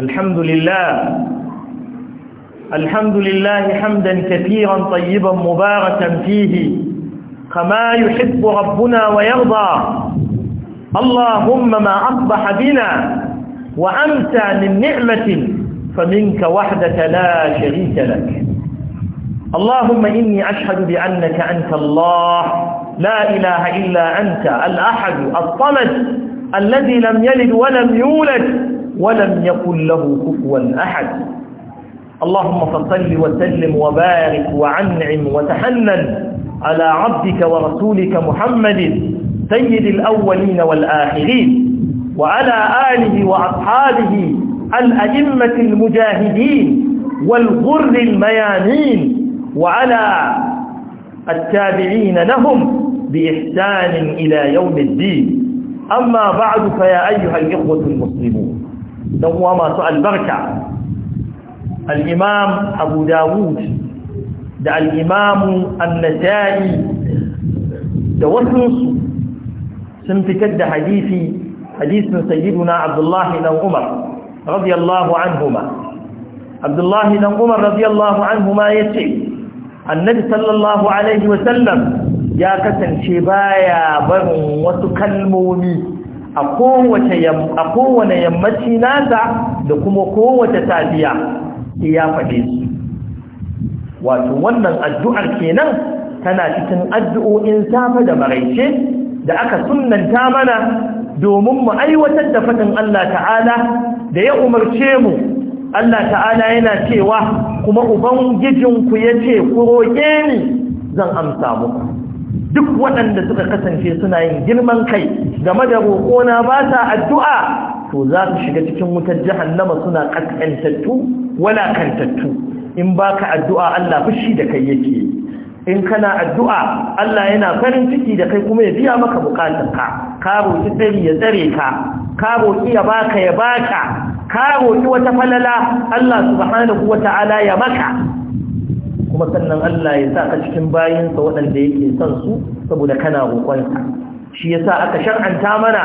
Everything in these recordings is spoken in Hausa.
الحمد لله الحمد لله حمدا كثيرا طيبا مباركا فيه كما يحب ربنا ويرضى اللهم ما أصبح بنا وأمتى من نعمة فمنك وحدك لا شريك لك اللهم إني أشهد بأنك أنت الله لا إله إلا أنت الأحد الصمد الذي لم يلد ولم يولد ولم يكن له كفوا أحد اللهم فصل وسلم وبارك وعنعم وتحنن على عبدك ورسولك محمد سيد الأولين والآخرين وعلى آله وأصحابه الأئمة المجاهدين والغر الميامين وعلى التابعين لهم بإحسان إلى يوم الدين أما بعد فيا أيها الإخوة المسلمون dan uwa masu albarka al-imam abu dawud da al-imam an-nasa'i da wasu sun fitar da hadisi hadisin sayyiduna abdullahi dan umar radiyallahu anhuma abdullahi dan umar radiyallahu anhuma yace annabi sallallahu alaihi wa sallam ya kasance baya barin wasu kalmomi a kowane yammaci nasa da kuma kowace safiya ya faɗe su wato wannan addu'ar kenan tana cikin addu'o'in safe da maraice da aka sunanta mana domin mu aiwatar da faɗin Allah ta'ala da ya umarce mu Allah ta'ala yana cewa kuma ubangijinku ya ce ku roƙe ni zan amsa muku duk waɗanda suka kasance suna yin girman kai game da roƙona ba sa addu'a to za su shiga cikin wutar jahannama suna kaskantattu wala kantattu in baka addu'a Allah fushi da kai yake in kana addu'a Allah yana farin ciki da kai kuma ya biya maka buƙatar ka roƙi tsari ya tsare ka ka roƙi ya baka ya baka ka roƙi wata falala Allah subhanahu wata'ala ya maka kuma sannan Allah ya sa ka cikin bayinsa waɗanda yake son su saboda kana roƙonsa shi yasa aka shar'anta mana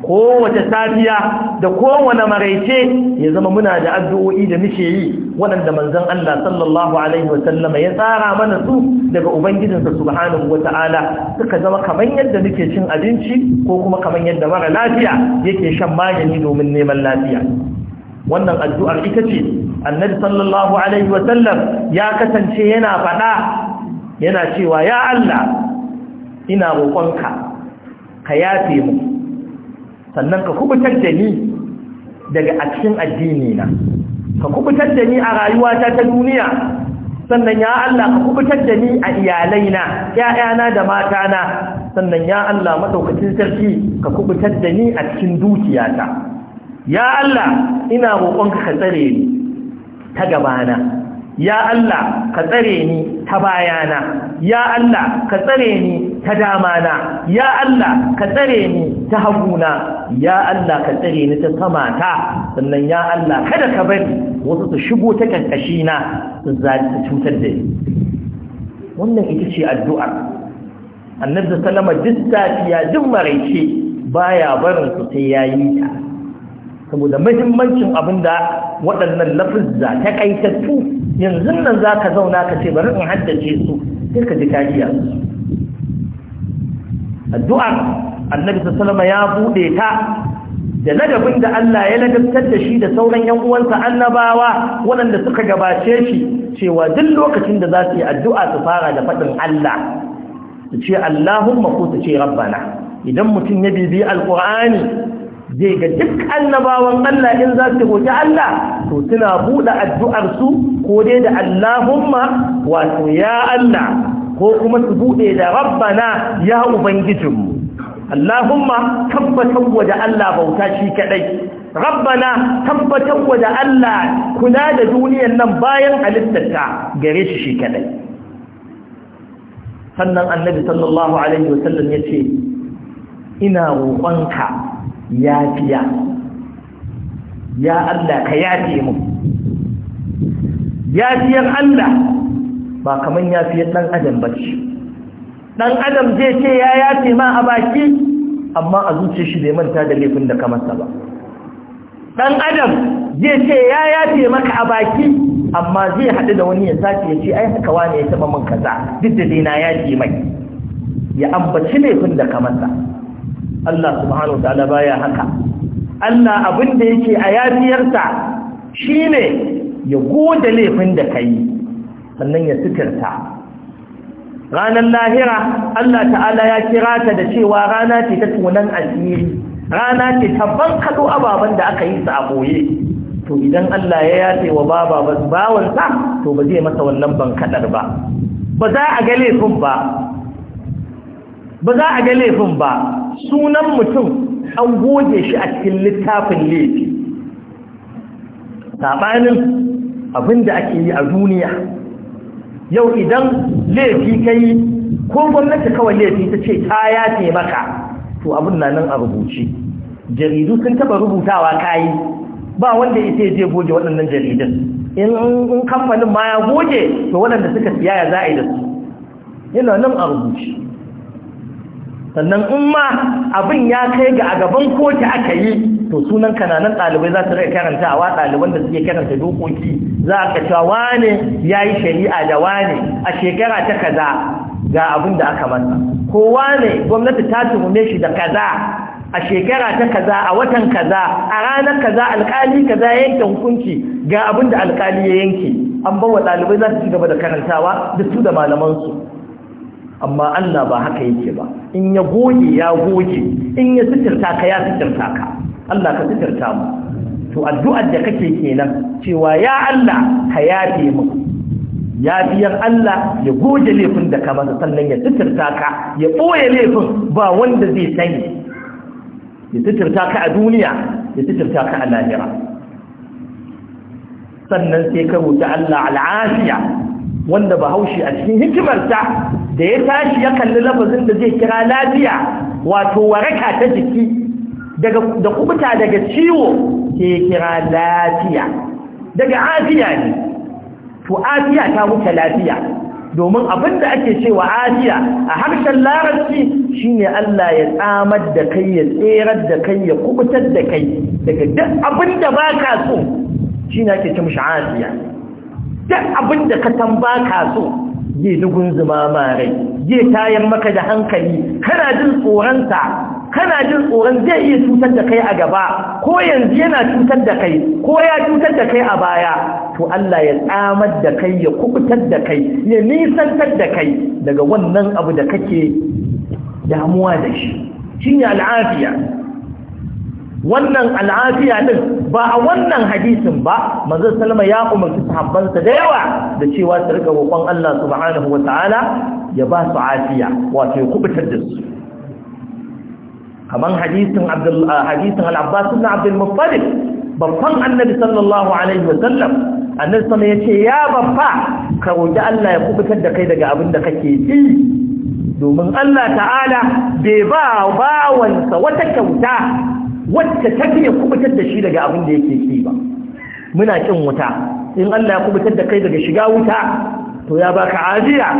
kowace safiya da kowane maraice ya zama muna da addu'o'i da muke yi waɗanda manzon Allah sallallahu alaihi wasallama ya tsara mana su daga ubangijinsa subhanahu ta'ala, suka zama kaman yadda muke cin abinci ko kuma kaman yadda mara lafiya yake shan magani domin neman lafiya wannan addu'ar ita ce annabi sallallahu alaihi wasallam ya kasance yana faɗa yana cewa ya Allah ina roƙonka ka yafe mu sannan ka kubutar da ni daga cikin addini na ka kubutar da ni a rayuwata ta duniya sannan ya Allah ka kubutar da ni a iyalaina ƴaƴana da matana sannan ya Allah madaukakin sarki ka kubutar da ni a cikin dukiyata ya Allah ina roƙonka ka tsare ni ta gabana ya Allah ka tsare ni ta bayana ya Allah ka tsare ni ta damana ya Allah ka tsare ni ta haguna ya Allah ka tsare ni ta samata sannan ya Allah kada ka bari wasu su shigo ta kankashi na su cutar da ni wannan ita ce addu'ar annabi sallama duk safiya duk maraice baya barin su sai yayi ta saboda mahimmancin abin da waɗannan lafizza ta ƙaitattu yanzu nan za ka zauna ka ce bari in haddace su sai ka ji kariya addu'a annabi sallama ya buɗe ta da ladabin da Allah ya ladabtar da shi da sauran yan uwansa annabawa waɗanda suka gabace shi cewa duk lokacin da za su yi addu'a su fara da faɗin Allah su ce Allahumma ko su ce Rabbana idan mutum ya bibi alƙur'ani zai ga duk annabawan Allah in za su hoci Allah to suna buɗe addu'arsu ko dai da Allahumma wato ya Allah ko kuma su buɗe da rabbana ya ubangijinmu Allahumma tabbatar waje Allah bauta shi kadai rabbana tabbatar waje da Allah kula da duniyar nan bayan halittarta gare shi shi kadai sannan annabi sallallahu alaihi wasallam yace ina roƙonka yafiya ya Allah ka yafe mu yafiyar Allah ba ya yafiyar dan adam bace dan adam zai ce ya yafe ma a baki amma a zuciyar shi bai manta da laifin da ka masa ba dan adam zai ce ya yafe maka a baki amma zai haɗu da wani ya sace ya ce ai haka wani ya taɓa min kaza duk da dai na yafe mai ya ambaci laifin da ka masa Allah subhanahu wa ta'ala baya haka Allah abin da yake a yafiyarsa shine ya goda laifin da kai sannan ya sitirta ranar lahira Allah ta'ala ya kira ta da cewa rana ce ta tunan asiri rana ce ta bankalo ababen da aka yi su a boye to idan Allah ya yace wa baba bawansa to ba zai masa wannan bankadar ba ba za a ga laifin ba ba za a ga laifin ba sunan mutum an goge shi a cikin littafin laifi saɓanin abinda ake yi a duniya yau idan laifi ka yi ko gwamnati kawai laifi ta ce ta yafe maka to abin na nan a rubuce jaridu sun taɓa rubutawa kayi ba wanda ita je goge waɗannan jaridun in kamfanin ma ya goge to waɗanda suka siyaya za a yi da su yana nan a rubuce sannan in ma abin ya kai ga a gaban kotu aka yi to sunan kananan ɗalibai za su rika wa ɗaliban da suke karanta dokoki za a ka cewa wane ya yi shari'a da wane a shekara ta kaza ga abin da aka masa ko wane gwamnati ta tuhume shi da kaza a shekara ta kaza a watan kaza a ranar kaza alkali kaza ya yanke hukunci ga abin da alkali ya yanke an bawa ɗalibai za su ci gaba da karantawa da su da malamansu amma Allah ba haka yake ba in ya goge ya goge in ya sitirta ka ya sitirta ka Allah ka sitirta mu to addu'ar da kake kenan cewa ya Allah ka yafe mu biyan Allah ya goge laifin da ka masa sannan ya sitirta ka ya boye laifin ba wanda zai sani ya sitirta ka a duniya ya sitirta ka a lahira sannan sai ka roki Allah al'afiya wanda bahaushe a cikin hikimarta da ya tashi ya kalli lafazin da zai kira lafiya wato waraka ta jiki da kubuta daga ciwo ke kira lafiya daga afiya ne to afiya ta wuce lafiya domin abin da ake cewa afiya a harshen larabci shine Allah ya tsamar da kai ya tserar da kai ya kubutar da kai daga duk abin da baka so shine ake ce mishi afiya duk abin da ka san baka so zai dugun zuma marai zai tayan maka da hankali kana jin tsoronsa kana jin tsoron zai iya cutar da kai a gaba ko yanzu yana cutar da kai ko ya cutar da kai a baya to Allah ya tsamar da kai ya kubutar da kai ya nisantar da kai daga wannan abu da kake damuwa da shi shine al'afiya wannan al'afiya din ba a wannan hadisin ba manzon salama ya umarci sahabbansa da yawa da cewa su rika roƙon Allah subhanahu wata'ala ya ba su afiya wato ya kubutar da su kaman hadisin Abdul ah, hadisin al-Abbas ibn Abdul Muttalib babban annabi sallallahu alaihi wasallam annabi sama yace ya babba ka roki Allah ya kubutar da kai daga abin da kake yi domin Allah ta'ala bai ba bawansa wata kyauta wacce ta iya kubutar da shi daga abin da yake ki ba muna kin wuta in Allah ya kubutar da kai daga shiga wuta to ya baka aziya.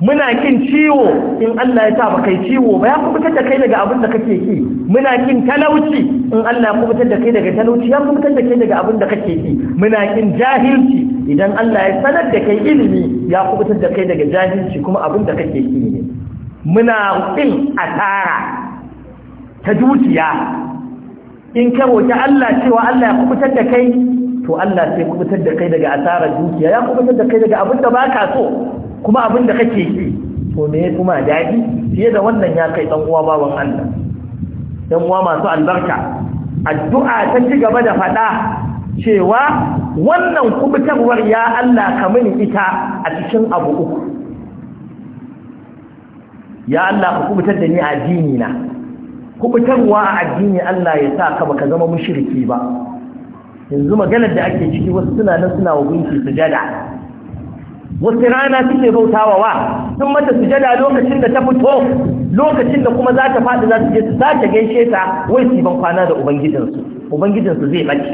muna kin ciwo in Allah ya sa ba kai ciwo ba ya kubutar da kai daga abin da kake ki muna kin talauci in Allah ya kubutar da kai daga talauci ya kubutar da kai daga abin da kake ki muna kin jahilci idan Allah ya sanar da kai ilimi ya kubutar da kai daga jahilci kuma abin da kake ki ne muna kin asara ta dukiya in ka roƙi Allah cewa Allah ya kubutar da kai to Allah sai kubutar da kai daga asarar dukiya ya kubutar da kai daga abin da baka so kuma abin da kake yi to me kuma daɗi fiye da wannan ya kai ɗan uwa baban Allah ɗan uwa masu albarka addu'a ta ci gaba da faɗa cewa wannan kubutarwar ya Allah ka mini ita a cikin abu uku ya Allah ka kubutar da ni a na kubutarwa a addini Allah ya sa ka baka zama mushriki ba yanzu maganar da ake ciki wasu suna nan suna wa gunki sujada wasu rana suke bautawa wa sun mata sujada lokacin da ta fito lokacin da kuma za ta faɗi za su je su sake gaishe ta wai su ban kwana da ubangijinsu ubangijinsu zai bace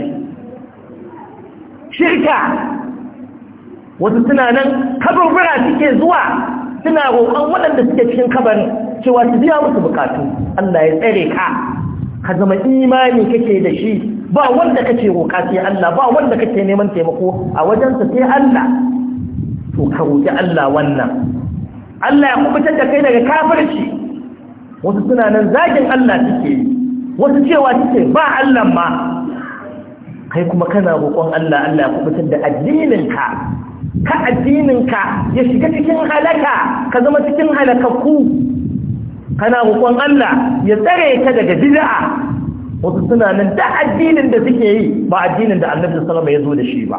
shirka wasu suna nan kaburbura suke zuwa suna roƙon waɗanda suke cikin kabarin cewa su biya musu bukatu Allah ya tsare ka ka zama imani kake da shi ba wanda kake roƙa sai Allah ba wanda kake neman taimako a wajen wajensa sai Allah to ka roƙi Allah wannan Allah ya kubutar da kai daga kafirci wasu suna nan zagin Allah suke wasu cewa suke ba Allah ma kai kuma kana roƙon Allah Allah ya kubutar da addininka ka addininka ya shiga cikin halaka ka zama cikin halakakku kana roƙon Allah ya tsare ka daga bid'a wasu suna nan da addinin da suke yi ba addinin da Annabi sallallahu ya zo da shi ba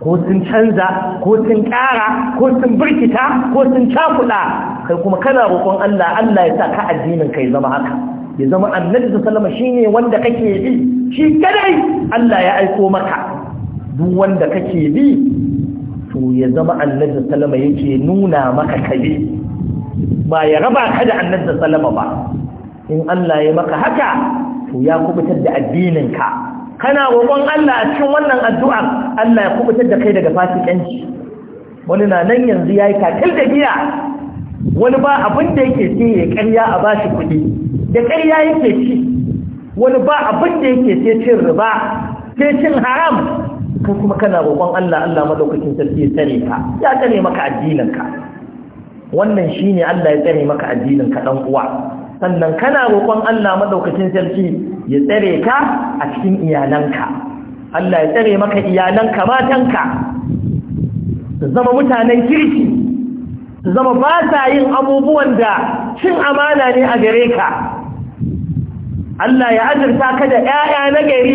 ko sun canza ko sun ƙara ko sun birkita ko sun cakuɗa kai kuma kana roƙon Allah Allah ya sa ka addinin kai zama haka ya zama annabi sallama shine wanda kake bi shi kadai Allah ya aiko maka duk wanda kake bi to ya zama annabi sallama yake nuna maka kai ba ya raba ka da annabi salama ba in Allah ya maka haka to ya kubutar da addininka kana roƙon Allah a cikin wannan addu'ar Allah ya kubutar da kai daga fasikanci wani na nan yanzu yayi kakal da giya wani ba abin da yake ce ya ƙarya a bashi kuɗi da ƙarya yake ci wani ba abin da yake ce cin riba sai cin haram kai kuma kana roƙon Allah Allah madaukakin sarki ya tsare ka ya tsare maka addininka wannan shine Allah ya tsare maka addinin ka dan uwa sannan kana roƙon Allah madaukakin sarki ya tsare ka a cikin iyalanka Allah ya tsare maka iyalanka matanka su zama mutanen kirki zama ba sa yin abubuwan da cin amana ne a gare ka Allah ya azurta ka da ƴaƴa na gari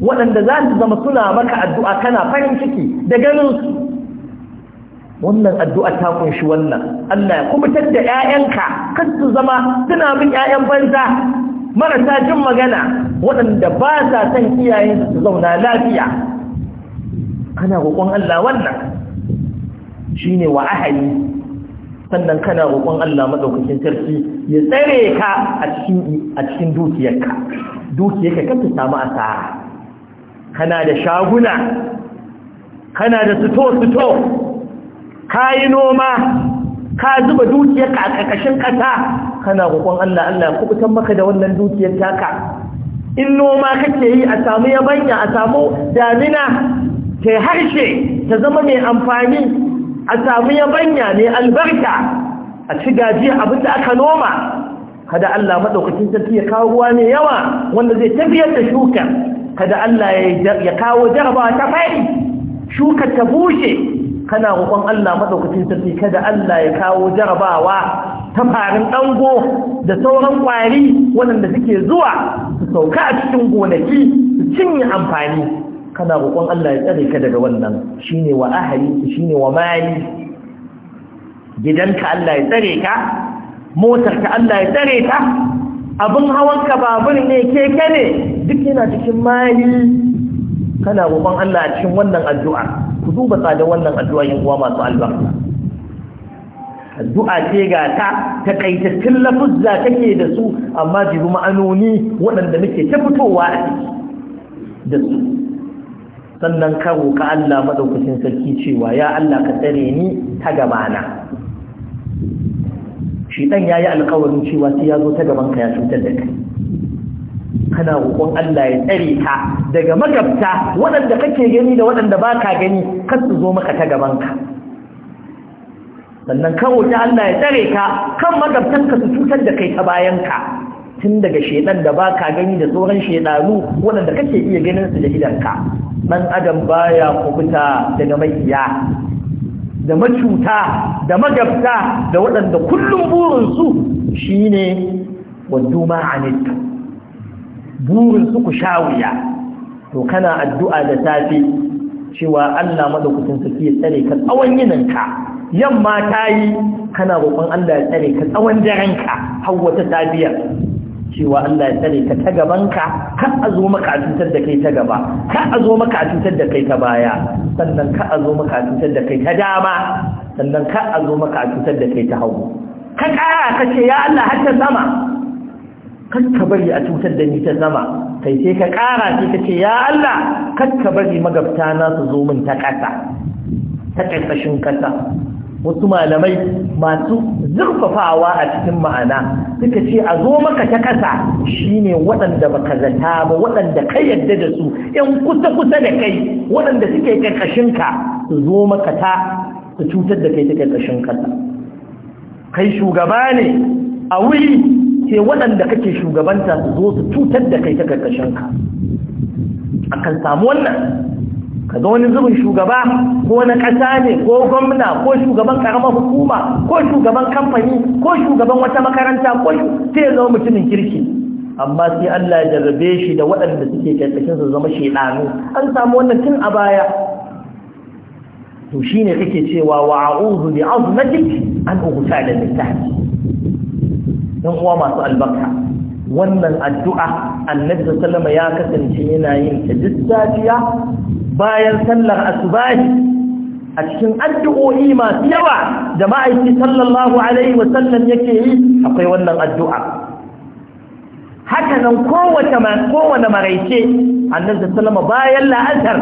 waɗanda za su zama suna maka addu'a kana farin ciki da ganin su wannan addu'a ta kunshi wannan Allah ya kubutar da ‘ya'yanka kan su zama suna bin ‘ya'yan banza marasa jin magana waɗanda ba sa son iyayensu su zauna lafiya kana roƙon Allah wannan shi ne wa ahali sannan kana roƙon Allah maɗaukakin sarki ya tsare ka a cikin dukiyarka dukiyarka kan ta samu asara kana da shaguna kana da sito-sito ka yi noma ka zuba dukiyar ka a ƙarƙashin ƙasa kana roƙon Allah Allah kubutan maka da wannan dukiyar taka in noma kake yi a samu yabanya a samu damina ta harshe ta zama mai amfani a samu yabanya mai albarka a ci gajiya abin da aka noma kada Allah maɗaukacin sarki ya kawo ruwa mai yawa wanda zai tafiyar da shuka kada Allah ya kawo jarabawa ta fari shuka ta bushe kana roƙon Allah maɗaukacin sarki kada Allah ya kawo jarabawa ta farin dango da sauran ƙwari, waɗanda suke zuwa su sauka a cikin gonaki su cinye amfani kana roƙon Allah ya tsare ka daga wannan shine wa ahli shine wa mali gidanka Allah ya tsare ka motarka Allah ya tsare ta abin ka babur ne keke ne duk yana cikin mali kana roƙon Allah a cikin wannan addu'a duba tsadar wannan addu'a yin uwa masu albarka addu'a ce ga ta ta takaitattun lafuzza take da su amma jibi ma'anoni waɗanda muke ta fitowa a ciki da su sannan ka roƙa Allah maɗaukacin sarki cewa ya Allah ka tsare ni ta gabana shi ɗan ya yi alƙawarin cewa sai ya zo ta gabanka ya cutar da kai kana roƙon Allah ya tsare ta daga magabta waɗanda kake gani da waɗanda ba ka gani kar su zo maka ta gabanka sannan kawo ta Allah ya tsare ka kan magabtanka su cutar da kai ta bayanka tun daga shedan da ba ka gani da tsoron shedanu waɗanda kake iya ganin su da idanka ɗan adam baya kubuta daga maiya da macuta da magabta da waɗanda kullum burinsu shi shine waddu ma'anittu burinsu ku sha wuya to kana addu'a da safe cewa Allah madaukakin sarki ya tsare ka tsawon yininka yamma ta yi kana roƙon Allah ya tsare ka tsawon darenka har wata safiyar cewa Allah ya tsare ka ta gabanka kar a zo maka a cutar da kai ta gaba kar a zo maka a cutar da kai ta baya sannan kar a zo maka a cutar da kai ta dama sannan kar a zo maka a cutar da kai ta hagu ka ƙara ka ce ya Allah har ta sama kar ka bari a cutar da ni ta sama kai sai ka ƙara sai ka ce ya Allah kakka bari magabta na su zo min ta ƙasa ta ƙarƙashin ƙasa wasu malamai masu zurfafawa a cikin ma'ana suka ce a zo maka ta ƙasa shine waɗanda baka zata ba waɗanda ka yadda da su ƴan kusa kusa da kai waɗanda suke ƙarƙashin ka su zo maka ta su cutar da kai ta ƙarƙashin ƙasa kai shugaba ne a wuri ce waɗanda kake shugabanta su zo su cutar da kai ta karkashinka kan samu wannan kaga wani zubin shugaba ko na ƙasa ne ko gwamna ko shugaban karamar hukuma ko shugaban kamfani ko shugaban wata makaranta ko sai ya zama mutumin kirki amma sai Allah ya jarrabe shi da waɗanda suke karkashin su zama shedanu an samu wannan tun a baya to shine kake cewa wa a'udhu bi azmatik an ughsala da littafi yan uwa masu albarka wannan addu'a annabi sallama ya kasance yana yin ta duk safiya bayan sallar asubahi a cikin addu'o'i masu yawa da ma'aiki sallallahu alaihi wa yake yi akwai wannan addu'a haka nan kowane maraice annabi sallama bayan la'azar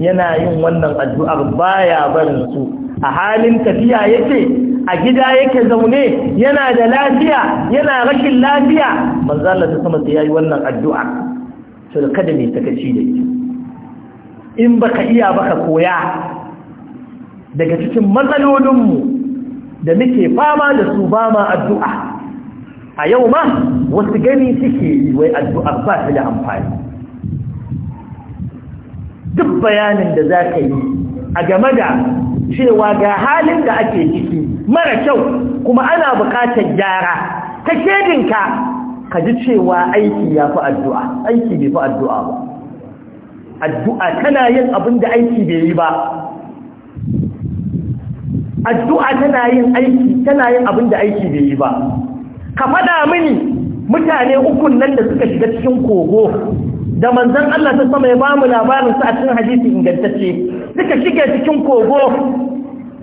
yana yin wannan addu'ar baya barin su a halin tafiya yake a gida yake zaune yana da lafiya yana rashin lafiya manzo Allah ta sama sai yayi wannan addu'a to kada mai takaci da ita in baka iya baka koya daga cikin matsalolinmu da muke fama da su ba ma addu'a a yau ma wasu gani suke yi wai addu'a ba su da amfani duk bayanin da za ka yi a game da cewa ga halin da ake ciki mara kyau kuma ana bukatar gyara ta shedinka ka ji cewa aiki ya fi addu'a aiki bai fi addu'a ba addu'a tana yin abin da aiki bai yi ba addu'a tana yin aiki tana yin abin da aiki bai yi ba ka faɗa mini mutane ukun nan da suka shiga cikin kogo da manzan Allah ta sama ya ba mu labarin su a cikin hadisi ingantacce suka shige cikin kogo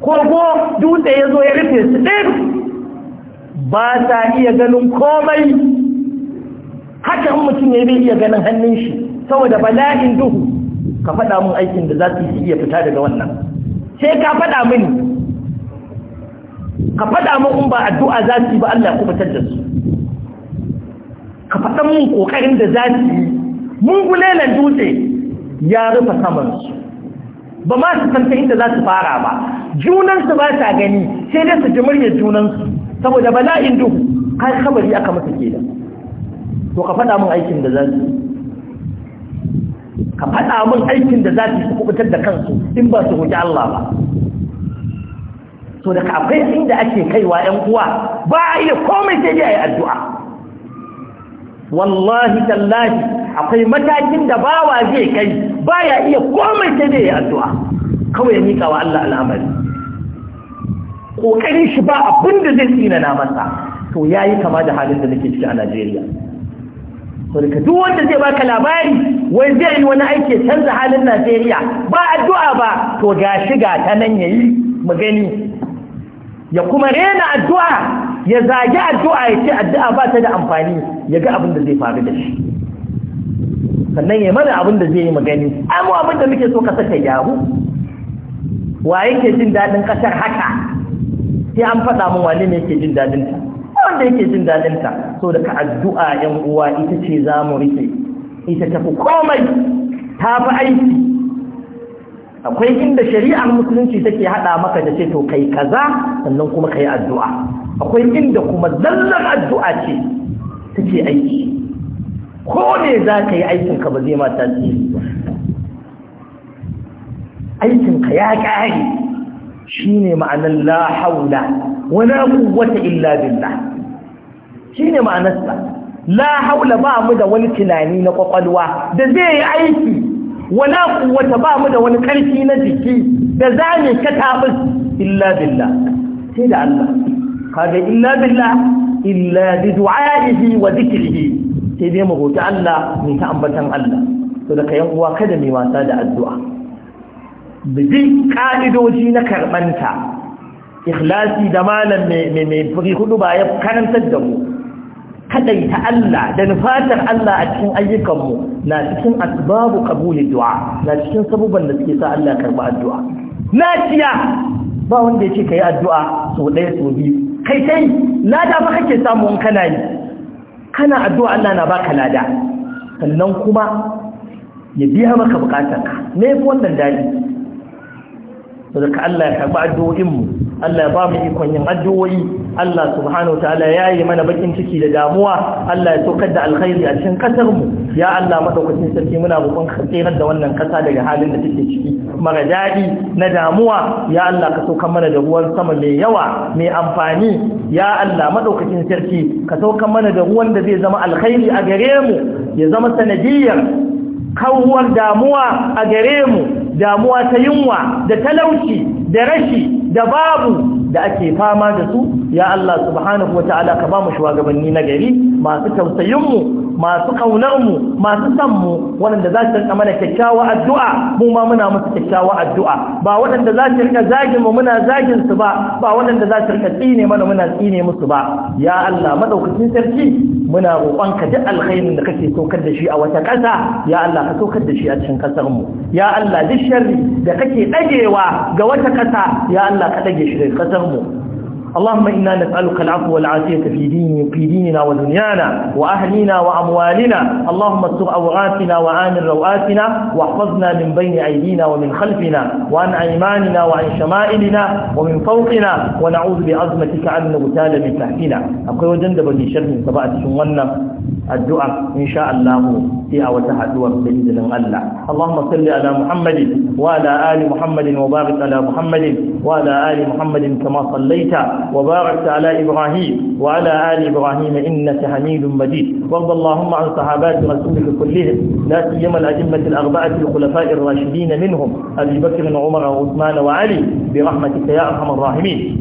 kogo dutse ya zo ya rufe su ɗin ba sa iya ganin komai haka mutum ya bai iya ganin hannun shi saboda bala'in duhu ka faɗa mun aikin da za su yi iya fita daga wannan sai ka faɗa mini ka faɗa mun in ba addu'a za su yi ba Allah kuma da su ka faɗa mun ƙoƙarin da za su yi mun gulelan dutse ya rufe su ba ma su san ta inda za su fara ba junansu ba sa gani sai dai su ji muryar junansu saboda bala'in duhu kai kabari aka masa kenan to ka faɗa min aikin da za su ka faɗa min aikin da za su kubutar da kansu in ba su hoji Allah ba so da akwai inda ake kaiwa ƴan uwa ba a iya komai sai dai a yi addu'a wallahi tallahi akwai matakin da bawa zai kai ba iya komai sai dai yi addu'a kawai ya miƙa wa Allah al'amari ƙoƙarin shi ba abin da zai tsina na masa to ya yi kama da halin da nake ciki a Najeriya saboda duk wanda zai baka labari wai zai yi wani aiki canza halin Najeriya ba addu'a ba to ga shiga ta nan yayi mu gani ya kuma rena addu'a ya zagi addu'a ya ce addu'a ba ta da amfani ya ga abin da zai faru da shi sannan ya mana abin da zai yi magani amma abin da muke so ka saka yahu wa yake jin daɗin ƙasar haka sai an faɗa min wane ne yake jin daɗin ta wanda yake jin daɗin ta so da ka addu'a ƴan uwa ita ce za mu rike ita tafi komai ta fi aiki akwai inda shari'ar musulunci take haɗa maka da ce to kai kaza sannan kuma kai addu'a akwai inda kuma zallan addu'a ce take aiki ko ne za ka yi aikinka ba zai ma tasiri aikinka ya ƙare shine ma'anar la haula wala illa billah shine ma'anarsa la ba mu da wani tunani na kwakwalwa da zai yi aiki wala quwwata ba mu da wani ƙarfi na jiki da za zame ka tabis illa billah sai da Allah kaga illa billah illa bi du'a'ihi wa dhikrihi sai dai mu roki Allah mu ta ambatan Allah to da kayan uwa kada mai wasa da addu'a bi ƙa'idoji na karɓanta ikhlasi da malam mai furi hudu ba ya karantar da mu kadaita Allah da nufatar Allah a cikin ayyukanmu na cikin asbabu qabuli du'a na cikin sabuban da suke sa Allah karɓa addu'a naciya ba wanda ya ce ka yi addu'a so ɗaya so biyu kai sai lada ba kake samun kana yi kana addu'a Allah na baka lada sannan kuma ya biya maka bukatarka me fi wannan daɗi daga Allah ya karɓi addu'o'inmu Allah ya ba mu ikon yin addu'o'i Allah subhanahu wa ta'ala ya yi mana bakin ciki da damuwa Allah ya saukar da alkhairi a cikin kasar mu ya Allah madaukakin sarki muna roƙon ka tsirar da wannan kasa daga halin da take ciki mara daɗi na damuwa ya Allah ka saukar mana da ruwan sama mai yawa mai amfani ya Allah madaukakin sarki ka sauka mana da ruwan da zai zama alkhairi a gare mu ya zama sanadiyar kawuwar damuwa a gare mu damuwa ta yunwa da talauci da rashi da babu da ake fama da su ya Allah subhanahu wa ta'ala ka ba mu shugabanni masu tausayinmu. masu mu masu sanmu waɗanda za su rika mana kyakkyawa addu'a mu ma muna musu kyakkyawa addu'a ba waɗanda za su rika zagin mu muna zagin su ba ba waɗanda za su rika tsine mana muna tsine musu ba ya Allah madaukakin sarki muna ka duk alkhairin da kake saukar da shi a wata ƙasa ya Allah ka saukar da shi a cikin ƙasar mu ya Allah duk sharri da kake dagewa ga wata ƙasa ya Allah ka dage shi daga ƙasar mu اللهم إنا نسألك العفو والعافية في, دين في ديننا ودنيانا وأهلنا وأموالنا اللهم استر أوغاتنا وآمن روآتنا واحفظنا من بين أيدينا ومن خلفنا وعن أيماننا وعن شمائلنا ومن فوقنا ونعوذ بعظمتك أن نغتال من تحتنا أقول جندب لشرح سبعة شمونا addu'a insha Allah sai a wata haduwa da izinin Allah Allahumma salli ala Muhammadin wa ala ali Muhammadin wa barik ala Muhammadin wa ala ali Muhammadin kama sallaita wa barakta ala Ibrahim wa ala ali Ibrahim innaka Hamidum Majid warda Allahumma an sahabati rasulik kullihim la siyama al ajmat al-arba'ah al-khulafa' ar-rashidin minhum Abi Bakr wa Umar wa Uthman wa Ali bi rahmatika ya arhamar rahimin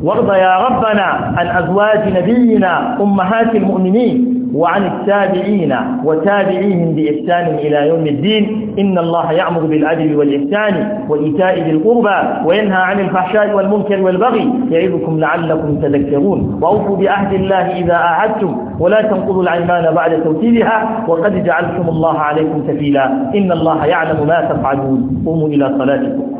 وارض يا ربنا عن أزواج نبينا أمهات المؤمنين وعن التابعين وتابعيهم بإحسان إلى يوم الدين إن الله يعمر بالعدل والإحسان وإيتاء ذي القربى وينهى عن الفحشاء والمنكر والبغي يعظكم لعلكم تذكرون وأوفوا بعهد الله إذا أعدتم ولا تنقضوا الأيمان بعد توكيدها وقد جعلتم الله عليكم سبيلا إن الله يعلم ما تفعلون قوموا إلى صلاتكم